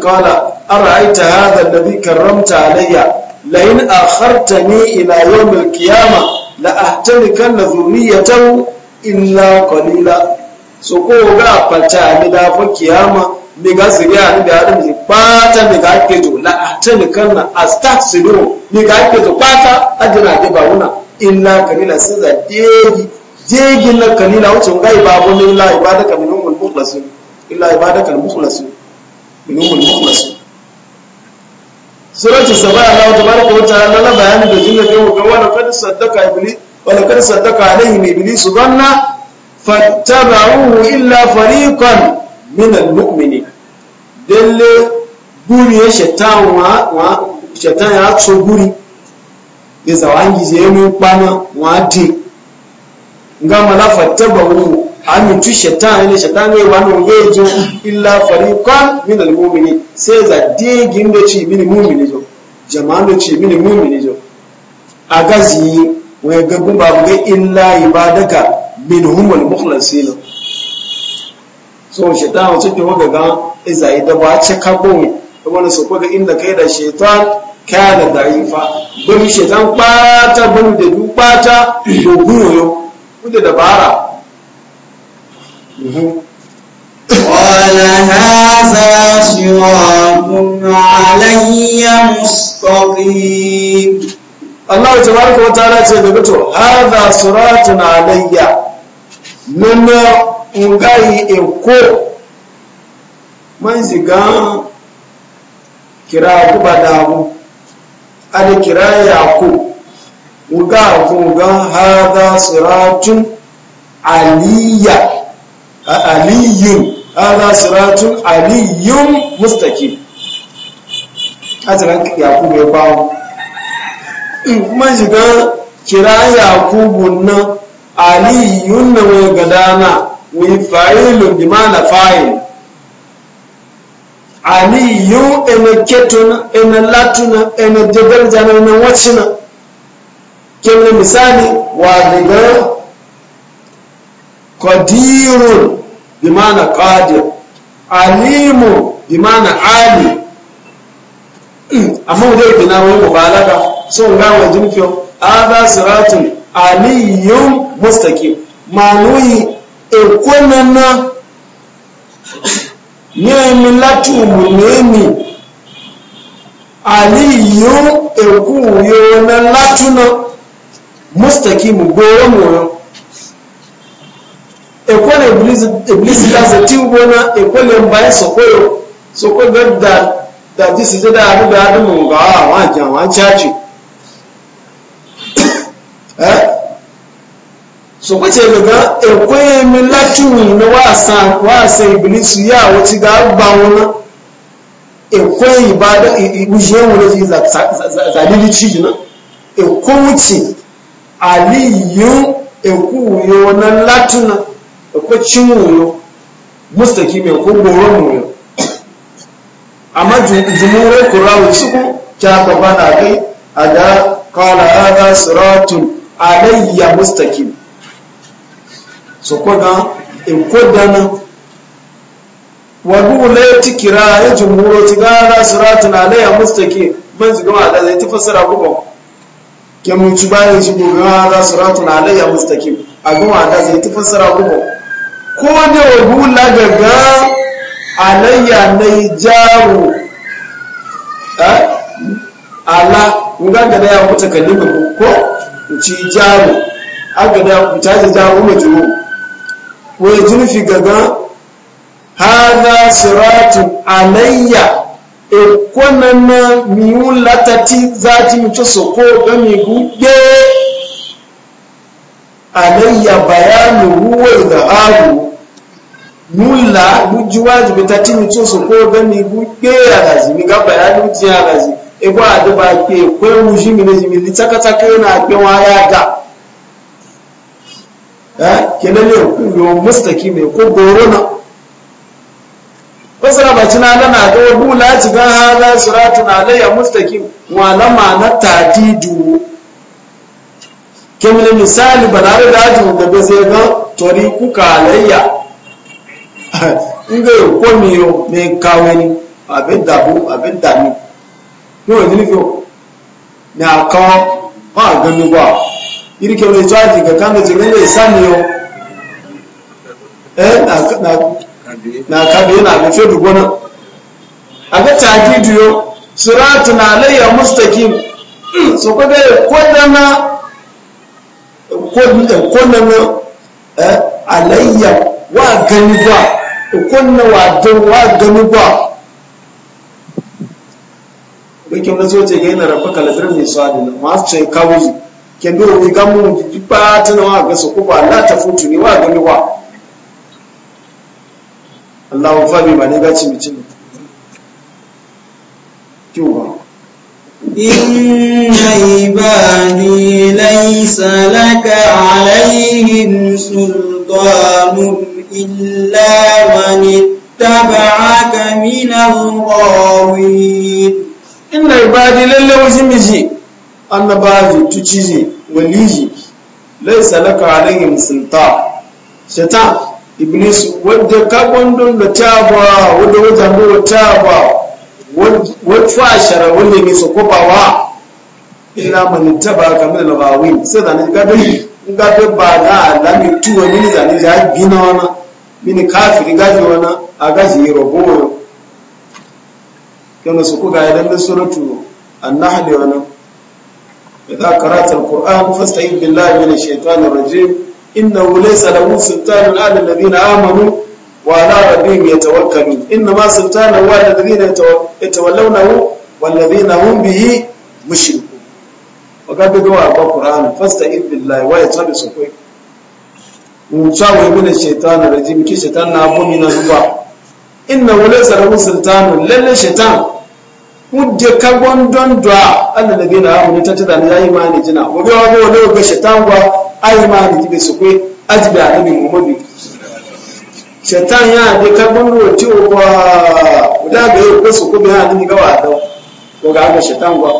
qala ara'aita hadha alladhi ni alayya لئن أخرتني إلى يوم القيامة Zuriya, ذريته إلا قليلا so ko ga fata mi da fa kiyama mi ga siri ani da adam ji pata mi ga ke to la atani kana astaghfiru mi ga ke to pata ajina ke ba una illa kalila sada deji deji na kalila wuce ngai babu ni la ibadaka min umul mukhlasin illa ibadaka al mukhlasin min umul mukhlasin suratul saba Allah tabaraka wa ta'ala la bayani da jinna kai ga wala kad saddaka iblis wala kad saddaka alaihi iblis dhanna fattaba'uhu illa fariqan min almu'minin dalle guri ya shaitan wa wa ya so guri ya zawangi je mu kwana wa ti ngama la fattaba'uhu amintu shaitan ne shaitan ne wa no yeje illa fariqan min almu'minin sai za digin da ci min mu'mini zo jama'an da ci min mu'mini zo agazi wa ga gumba ga illa ibadaka minhum al-mukhlasin so shaitan suke waga ga izai da ba ce ka bon wani su kwaga inda kai da shaitan kana da'ifa bin shaitan bata bin da du bata dogon yo kuda dabara قال هذا صراط علي مستقيم الله تبارك وتعالى هذا صراط علي nana ngai eko man ga kira ku badamu ada kira ku uga ku ga hada siratun aliya aliyun hada siratun aliyun mustaqim ya ku bai bawo man ga kira ku bunna aliyun na wai gadana wai fa'ilun bi mana fa'il aliyu ina ketun ina latuna ina jabal na ina wacina kemgbe misali wa daga qadirun bi mana qadir alimu bi mana ali amma dai bina wai mubalaga so ngawa wajen fiyo siratun aliyun mustaqim manuyi ekonana nyemi lati umulemi aliyun ekuyo na latuna mustaqim goro moyo ekole iblisi iblisi lasa ti ubona ekole mbaye sokoyo sokoyo da da disi da adu da adu mu ga awa ja wa chachi so kwace daga ekwe mi latuwi na wasa wasa iblisu ya wace ga agba wani ekwe ibada za wani ji li ciji na ekwe wuce aliyu ekwu uyo na latuna ekwe cin uyo mustaki mai ko mu uyo amma jumurai kurawu suku kya gaba na kai ada da kawala hada siratun alayya mustaqim sokoga ikodana wadu la tikira ya jumhuro tigara siratun alayya mustaqim man jiga wa da zai tafsira ko ke mun ci bayan shi goga da siratun alayya mustaqim a goma da zai tafsira ko ko ne wadu la daga alayya nai jaru ala nganga da ya mutaka ko ci jaru aga da mutaje mu majmu wai zurfi gaga hada siratu alayya ekonan na miun latati zati mi to soko ga mi gugbe alayya bayanu huwa idharu nula guju wajibi tati mi to soko ga mi gugbe alazi mi ga bayanu ti alazi ebo adeba pe ekwe wuji mi ne mi litakataka na agbe wa ya ga Eh? kenan ne yo mustaki mai ko gorona fasara ba cina lana ga wabu la ci ga hada suratun alayya mustaki wa lama na tadidu kemin misali balare da ajin da ba sai ga tori kuka alayya inda yo ko mi yo me kawe ni abin da bu abin da ni yo ni yo na ka ba ga ni ba irike mai tsaji ga kan da jirin da isa ne yau eh na kabe yana da fedu gona a ga taki duyo suratu na alayya mustakim su kwada ya kodana e, kodana a e, alayya wa gani ba kunna wa dan wa gani ba bakin da zo ce ga yana rafa kalafir mai sadi na ma su ce kawo kendo wi gamu pipati na wa su kuba la tafutu ni wa ni wa Allah fami bi ne ga ci mutum kiwa inna ibadi laysa laka alaihim sultanun illa man ittaba'aka min al-ghawin inna ibadi lalle wajin miji annabaji tucizi waliji laisa laka alaihim sulta shaitan iblis wadda ka kwandon da ta ba wadda wata nuna ta ba wadda shara wadda ne su kubawa ina mani taba ka da gawi sai da ni ga gabe ba na alami tuwa mini da ya gina wana mini kafiri gaji wana a gaji robo yana su kuka idan da suratu annahl wana إذا قرأت القرآن فاستعذ بالله من الشيطان الرجيم إنه ليس له سلطان على الذين آمنوا وعلى ربهم يتوكلون إنما سلطانه على الذين يتولونه والذين هم به مشركون وقد قوى القرآن فاستعذ بالله ويتبع سكوي ومتاوي من الشيطان الرجيم كي شيطان نابو من الزبا إنه ليس له سلطان لن الشيطان kudde kagon don dwa allah da gina abu ne ta tada ne yayi mani jina wa bi wa wa ga shaitan gwa ai mani jibe su kwe ajibe annabi muhammad shaitan ya de kagon ro ti o ba da ga yi ko su kuma ya ni ga wa da ko ga ga shaitan gwa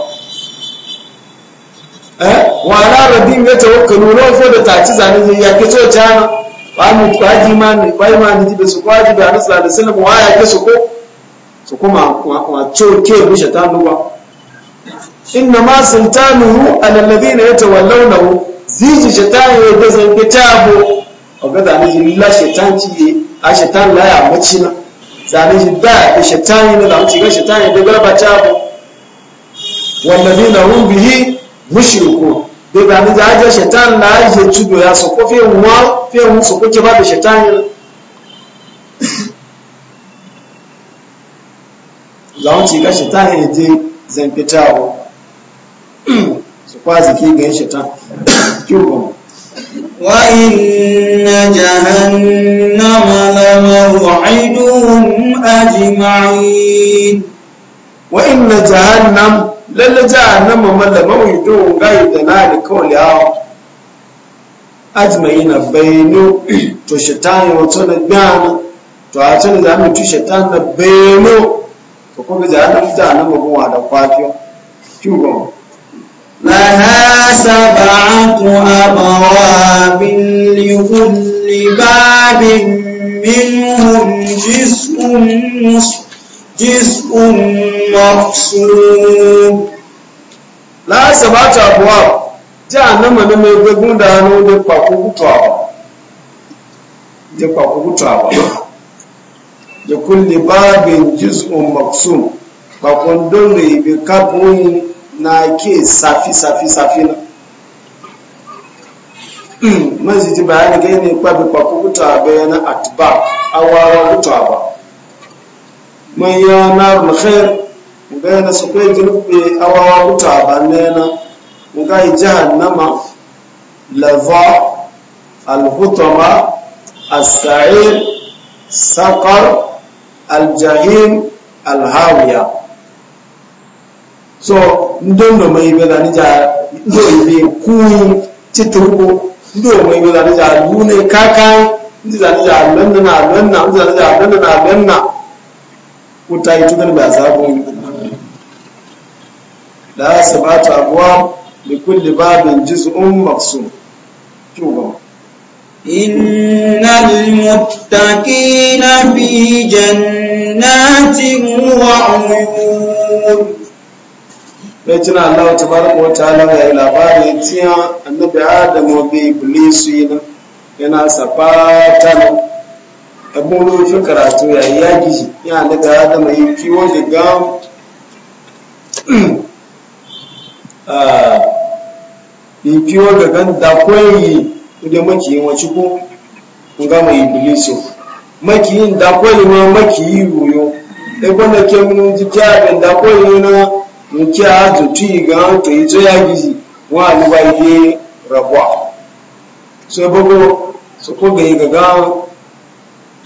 eh wa la rabbi ya tawakkalu ro fo da ta ci zani ya ke so ta ba mu kwaji mani bai mani jibe su kwaji da annabi sallallahu alaihi wasallam wa ya ke su ko su kuma wato ke bushe ta nuwa inna ma sultanuhu alalladhina yatawallawnahu ziji shetani ya da zan kitabu ogada ne jilla shetanci ye a shetan la ya macina zane ji da shetani ne da mu shiga shetani da gaba tabu walladhina hum bihi mushrikun da ga ni da aje shetan la ya tudo ya so ko fe wa fe mu so ko ke ba da shetani zawon kashi gashi ta haiti zan fita wa su kwazi ki ga shi ta kyuban wa inna jahannama la maw'iduhum ajma'in wa inna jahannam lalla jahannama ma la gai da na da kawli hawa ajma'ina bayinu to shaitan wato na gana to a tana zamu ci shaitan na bayinu فكون جهنم جهنم هو هذا فاتيو شو لها سبعة أبواب لكل باب منهم جزء جزء مقسوم لا سبعة أبواب جهنم أنا ما يقولون ده أنا ده بقى كوكو ده بقى كوكو da kulli babin juz'un maksum ba kwandon ribe kafin na ke safi safi safi na maziti bayani ga ne kwabi kwakukuta bayanan atba awara kuta ba man ya na alkhair bayana su kai girbe awara kuta ba alhutama as-sa'ir saqar aljahim alhawiya so ndo ndo mai bela ni ja ndo ibe ku tituko ndo mai bela ni ja lune kaka ndi za ni ja lanna na lanna ndi za ni ja lanna na lanna utai tugan ba sabu la sabata abwa kulli babin juz'un maqsum kyau إن المتقين في جنات وعيون Rajina Allah ta baraka wa ta'ala ya labari tiya annabi Adam bi Iblis yana yana safata abu ne karatu ya yaki ya annabi Adam yi kiwo ah, yi kiwo daga da koyi da makiyin wace ko nga mai ibilisu makiyin da kwali ne makiyi ruyo e kwanda ke mun ji kyabe da kwali na mu kya to ti ga to yi to ya gizi wa ni ba yi rabwa so e bago so ko ga ga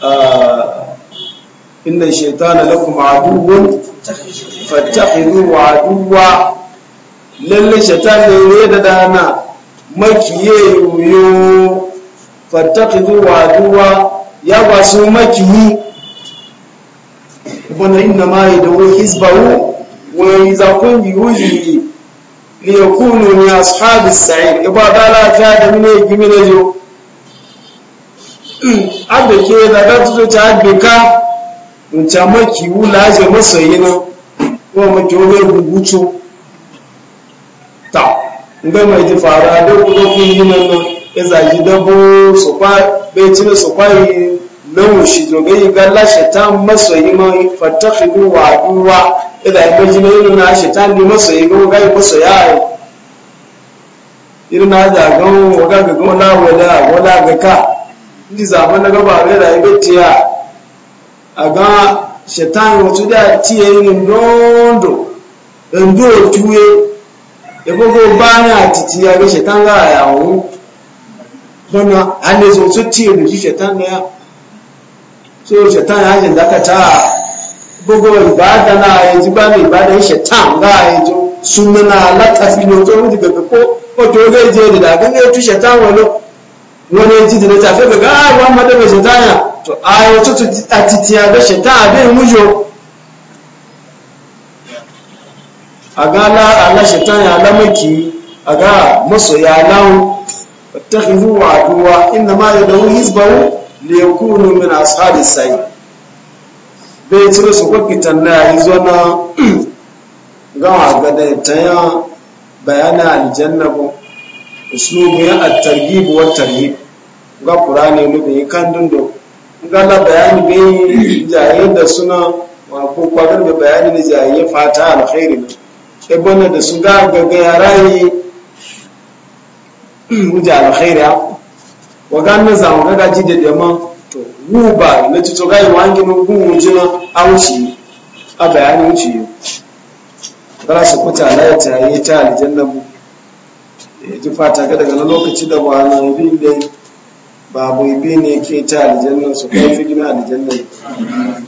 ah inna shaytana lakum aduwwun fattakhiduhu aduwwa lalle shaytan ne da dana makiye yoyo fattakidu waduwa ya kwasu makiyi wanda inna ma yi da wani hizbahu wani zakon yiwuyi ne ya kunu ne a sahabi sa'id iba dala ta da mine gimi na jo abu ke da ta tuto ta agbeka nta makiwu laje masoyi na kuma makiwu mai gugucu ta nga mai ji fara da kuma kun yi nan nan ya zaji dabo su kwa bai cire su kwa yi lawan shi jogai ga lashe ta masoyi ma fatakhidu wa duwa ila ya ji na irin na shi ta ni masoyi ga ga yi masoya yi irin na da ga ga ga ga na wala wala ga ka ni zaman na ga gaba ga da ibe tiya a ga shetan wato da tiye ni dondo, ndo tuye ebogo bana titi ya ti ru jishe tanga ya so shetan ya je zakata gogo ibada na ya ji bana ibada ya shetan ga ya jo sunna na lata fi no to ru daga ko ko da ga ne tu shetan walo wani ji da ta fe ga ah, wa ma da shetan ya to ayo aga la ala shaitan ya la maki aga masoya lawo fattakhizu wa duwa inna ma ne hizbahu liyakunu min ashabi sai bai cire su kwa kitanna ya yi na ga ga da ya bayana aljanna ko uslubu ya at-targhib wa tarhib ga qur'ani ne bai kan dundo ga la bayani bai jaye da suna wa ko kwadar da bayani ne jaye fata alkhairi ebana da su ga gaga yarayi wuce alkhairiya wa ga na zamu ga gaji da dama to wu ba na to ga yi wangi mun gun wuce na a a bayani wuce yau su kuta na ya ta yi ta aljanna mu ji fata ga daga lokaci da ba na bin dai babu ibi ne ke ta aljanna su kai fi gina aljanna